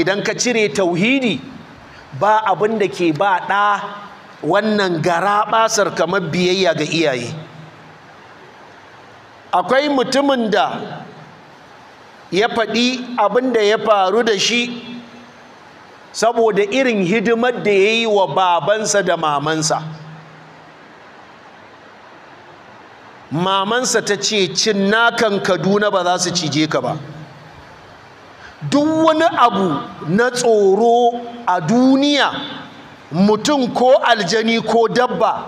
idan ka cire tauhidi ba abin da ke ba ɗa wannan gara basar kamar biyayya ga iyaye akwai mutumin da ya faɗi abin da ya faru da shi saboda irin hidimar da ya yi wa babansa da mamansa mamansa ta ce cin nakan kaduna ba za su cije ka ba duk wani abu na tsoro a duniya mutum ko aljani ko dabba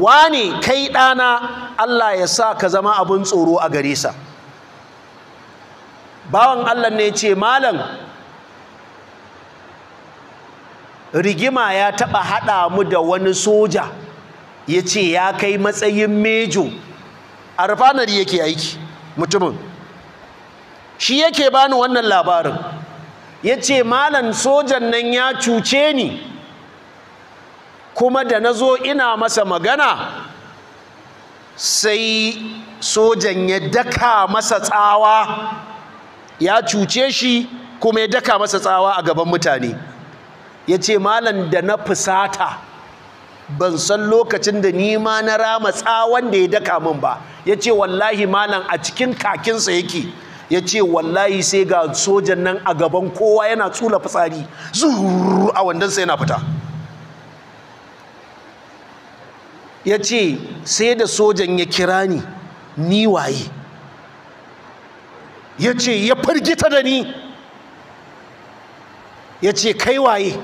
wane kai ɗana Allah ya sa ka zama abin tsoro a gare sa bawan Allah ne ce malam rigima ya taɓa haɗa mu da wani soja ya ce ya kai matsayin mejo a rufanar yake aiki mutumin shi yake bani wannan labarin ya ce malam sojan nan ya cuce ni kuma da na zo ina masa magana sai sojan ya daka masa tsawa ya cuce shi kuma ya daka masa tsawa a gaban mutane ya ce malam da na fusata ban san lokacin da nima na rama tsawan da ya daka min ba ya ce wallahi malam a cikin kakinsa yake ya ce wallahi sai ga sojan nan a gaban kowa yana tsula fitsari zuru a wandonsa yana fita ya ce sai da sojan ya kira ni ni waye ya ce ya firgita da ni ya ce kai waye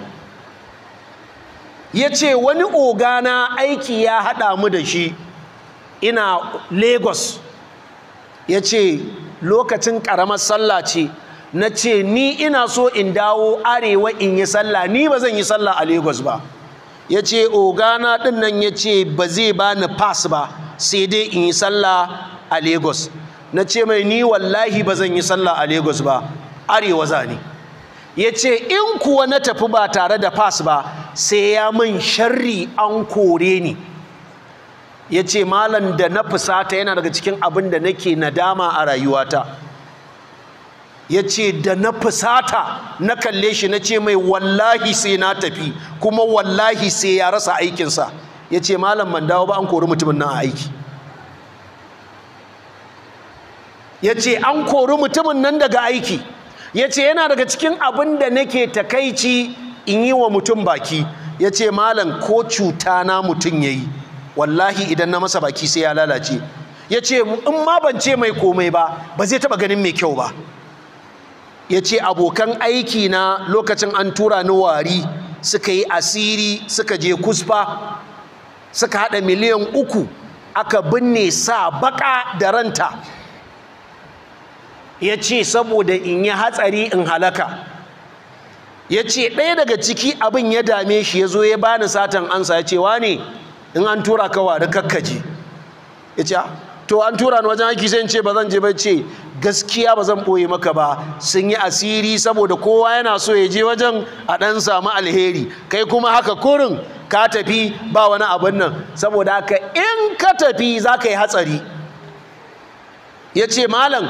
ya ce wani ogana aiki ya haɗa mu da shi ina lagos ya ce lokacin ƙaramar sallah ce na ce ni ina so in dawo arewa in yi sallah ni ba zan yi sallah a lagos ba ya ce ogana ɗin nan ya ce ba zai ba ni pass ba sai dai in yi sallah a lagos na ce mai ni wallahi ba zan yi sallah a lagos ba arewa za ne ya ce in kuwa na tafi ba tare da pass ba sai ya min sharri an kore ni ya ce malam da na fusata yana daga cikin abin da nake nadama a rayuwata ya ce da na fusata na kalle shi na ce mai wallahi sai na tafi kuma wallahi sai ya rasa aikinsa ya ce malam ban dawo ba an kori mutumin nan a aiki ya ce an kori mutumin nan daga aiki ya ce yana daga cikin abin da nake takaici in yi wa mutum baki ya ce malam ko cuta na mutum ya yi wallahi idan na masa baki sai ya lalace ya ce in ma ban ce mai komai ba ba zai taba ganin mai kyau ba ya ce abokan aiki na lokacin an tura ni wari suka yi asiri suka je kusfa suka haɗa miliyan uku aka binne sa baka da ranta ya ce saboda in yi hatsari in halaka ya ce ɗaya daga ciki abin ya dame shi ya zo ya bani satan ansa ya ce wa ne in an tura ka wari kakkaje ya ce ah, to an tura ni wajen aiki sai in ce ba zan je ba ce gaskiya ba zan boye maka ba sun yi asiri saboda kowa yana so ya je wajen a ɗan samu alheri kai kuma haka kurin ka tafi ba wani abin nan saboda haka in ka tafi za ka yi hatsari ya ce malam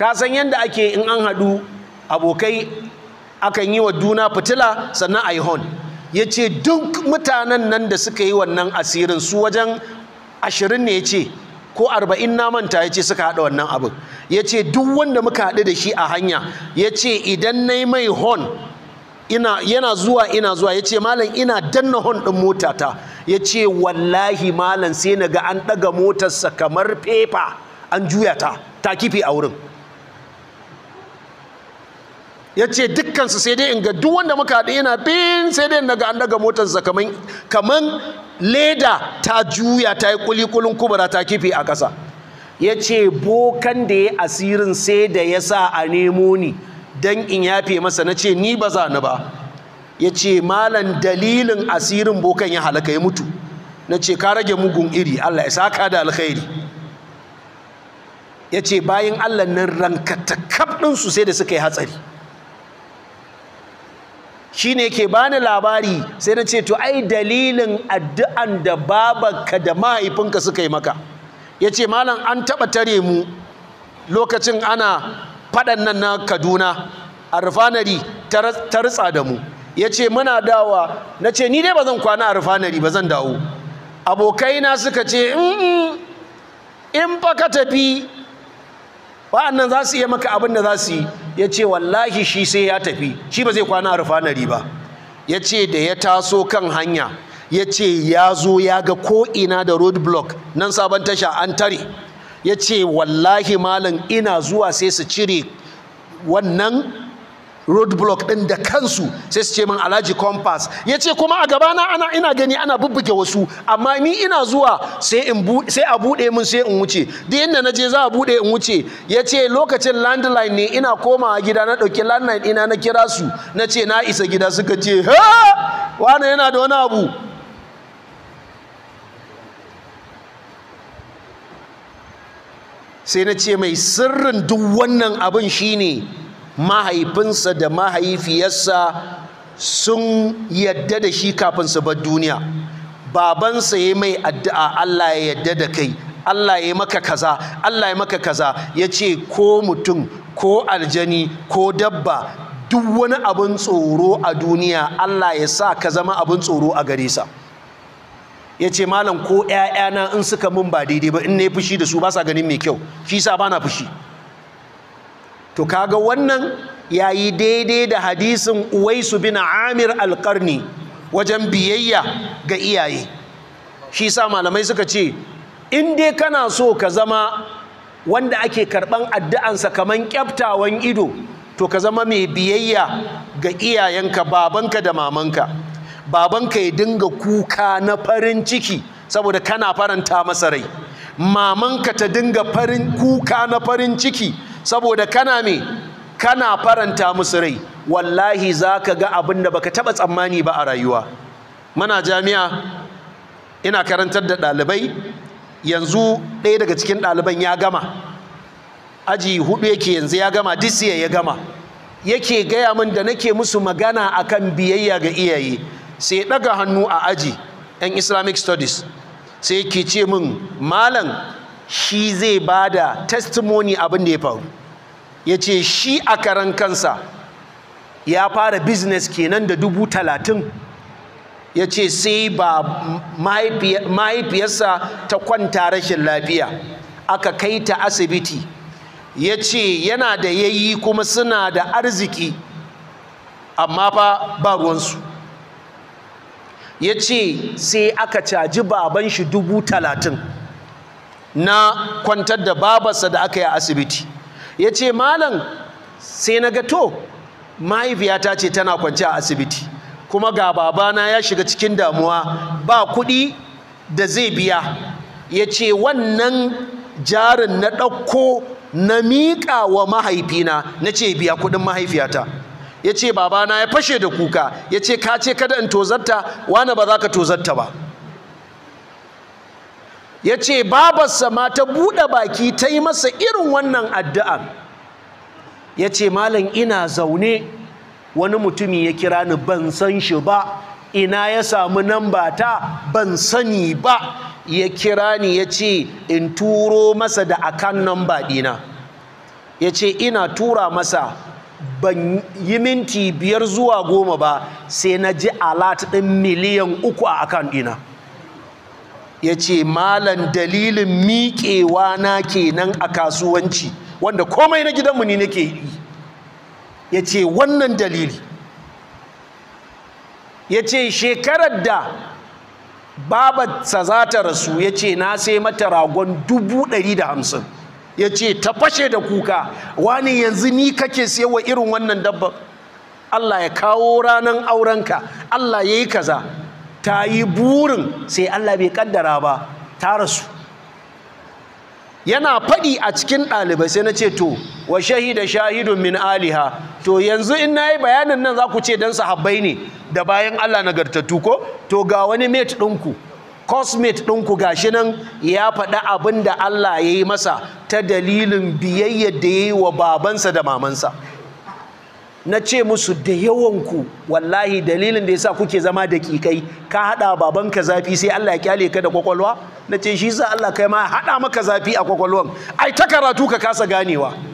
ka san yadda ake in an haɗu abokai akan yi wa juna fitila sannan a yi hon ya ce duk mutanen nan da suka yi wannan asirin su wajen ashirin ne ya ce ko arba'in na manta ya ce suka haɗa wannan abin ya ce duk wanda muka haɗu da shi a hanya ya ce idan na yi mai hon yana zuwa ina zuwa ya ce malam ina danna hon ɗin motata ya ce wallahi malam sai na ga an ɗaga motarsa kamar fefa an juya ta ta kifi a wurin ya ce dukkansu sai dai in ga duk wanda muka haɗu yana bin sai dai ga an daga motarsa kaman kaman leda ta juya ta yi kulikulin kubura ta kifi a ƙasa ya ce bokan da ya asirin sai da ya sa a nemo ni don in yafe masa na ce ni ba za ni ba ya ce malam dalilin asirin bokan ya halaka ya mutu na ce ka rage mugun iri allah ya saka da alkhairi ya ce bayan allah nan rankatakaf su sai da suka yi hatsari shine ke bani labari sai na ce to ai dalilin addu'an da babanka da mahaifinka suka yi maka Ya ce malam an taba tare mu lokacin ana faɗan nan na Kaduna a rufanari ta ritsa da mu Ya ce muna dawa ce ni dai ba zan kwana a ba zan dawo abokaina suka ce in ba ka tafi wa'annan za su iya maka abin da za su yi ya ce wallahi shi sai ya tafi shi ba zai kwana a rufanari ba ya ce da ya taso kan hanya ya ce ya zo ya ga ko'ina da road nan sabon tasha an tare ya ce wallahi malam ina zuwa sai su cire wannan roadblock ɗin da kansu sai su ce min alhaji compass ya ce kuma a gabana ana ina gani ana bubbuge wasu amma ni ina zuwa sai a buɗe min sai in wuce da inda na je za a buɗe in wuce ya ce lokacin landline ne ina komawa gida na ɗauki landline ina na kira su na ce na isa gida suka ce ha wani yana da wani abu sai na ce mai sirrin duk wannan abin shine ne mahaifinsa da mahaifiyarsa sun yadda da shi kafin su bar duniya babansa ya mai addu'a Allah ya yadda da kai Allah ya maka kaza Allah ya maka kaza ya ce ko mutum ko aljani ko dabba duk wani abin tsoro a duniya Allah ya sa ka zama abin tsoro a gare sa ya ce malam ko ‘ya'yana in suka mun ba daidai ba in na yi fushi da su ba sa ganin mai kyau shi sa ba na fushi to kaga wannan ya yi daidai da hadisin uwaisu bin amir alƙarni wajen biyayya ga iyaye shi sa malamai suka ce in dai kana so ka zama wanda ake karɓan addu'ansa kamar kyaftawan ido to ka zama mai biyayya ga iyayenka babanka da mamanka babanka ya dinga kuka na farin ciki saboda kana faranta masa rai mamanka ta dinga kuka na farin ciki saboda kana me kana faranta musu rai wallahi zaka ga abin da baka taba tsammani ba a rayuwa mana jami'a ina karantar da ɗalibai yanzu ɗaya daga cikin ɗaliban ya gama aji hudu yake yanzu ya gama disiya ya gama yake gaya min da nake musu magana akan biyayya ga iyaye sai ya ɗaga hannu a aji 'yan islamic studies sai ke ce min malam shi zai ba da testimony abin da ya faru ya ce shi a karan kansa ya fara business kenan da dubu talatin ya ce sai ba mahaifiyarsa ta kwanta rashin lafiya aka kai ta asibiti ya ce yana da yayi kuma suna da arziki amma fa ba ruwansu ya ce sai aka caji baban shi dubu talatin na kwantar da babarsa da aka yi a asibiti ya ce malam sai na ga to mahaifiyata ce tana kwance a asibiti kuma ga babana ya shiga cikin damuwa ba kuɗi da zai biya ya ce wannan jarin na ɗauko na miƙa wa mahaifina na ce biya kuɗin mahaifiyata ya ce babana ya fashe da kuka ya ce ka ce kada in tozarta wani ba za ka tozarta ba ya ce babarsa ma ta buɗe baki ta yi masa irin wannan addu'a ya ce malam ina zaune wani mutumi ya kira ni ban san shi ba ina ya samu namba ta ban sani ba ya kira ni ya ce in turo masa da akan namba ɗina ya ce ina tura masa ban yi minti biyar zuwa goma ba sai na ji alat ɗin miliyan uku a akan ɗina ya ce malan dalilin miƙewa na kenan a kasuwanci wanda komai na gidanmu ne nake yi ya ce wannan dalili ya ce shekarar da babarsa za ta rasu ya ce na sai mata ragon dubu ɗari da hamsin ya ce ta fashe da kuka wani yanzu ni kake siyarwa irin wannan dabba Allah ya kawo ranar aurenka Allah ya yi kaza ta yi burin sai Allah bai kaddara ba ta rasu yana faɗi a cikin ɗalibai sai na ce to wa shahida shahidun min aliha to yanzu in na yi bayanin nan za ku ce don sahabbai ne da bayan Allah nagartattu ko to ga wani mate ɗinku cosmate ɗinku shi nan ya faɗi abin da Allah ya yi masa ta dalilin biyayyar da ya yi wa babansa da mamansa na ce musu da yawanku wallahi dalilin da ya sa kuke zama da kikai ka haɗa babanka zafi sai Allah ya kyale ka da kwakwalwa na ce shi sa Allah kai ma haɗa maka zafi a kwakwalwan ai ta karatu ka kasa ganewa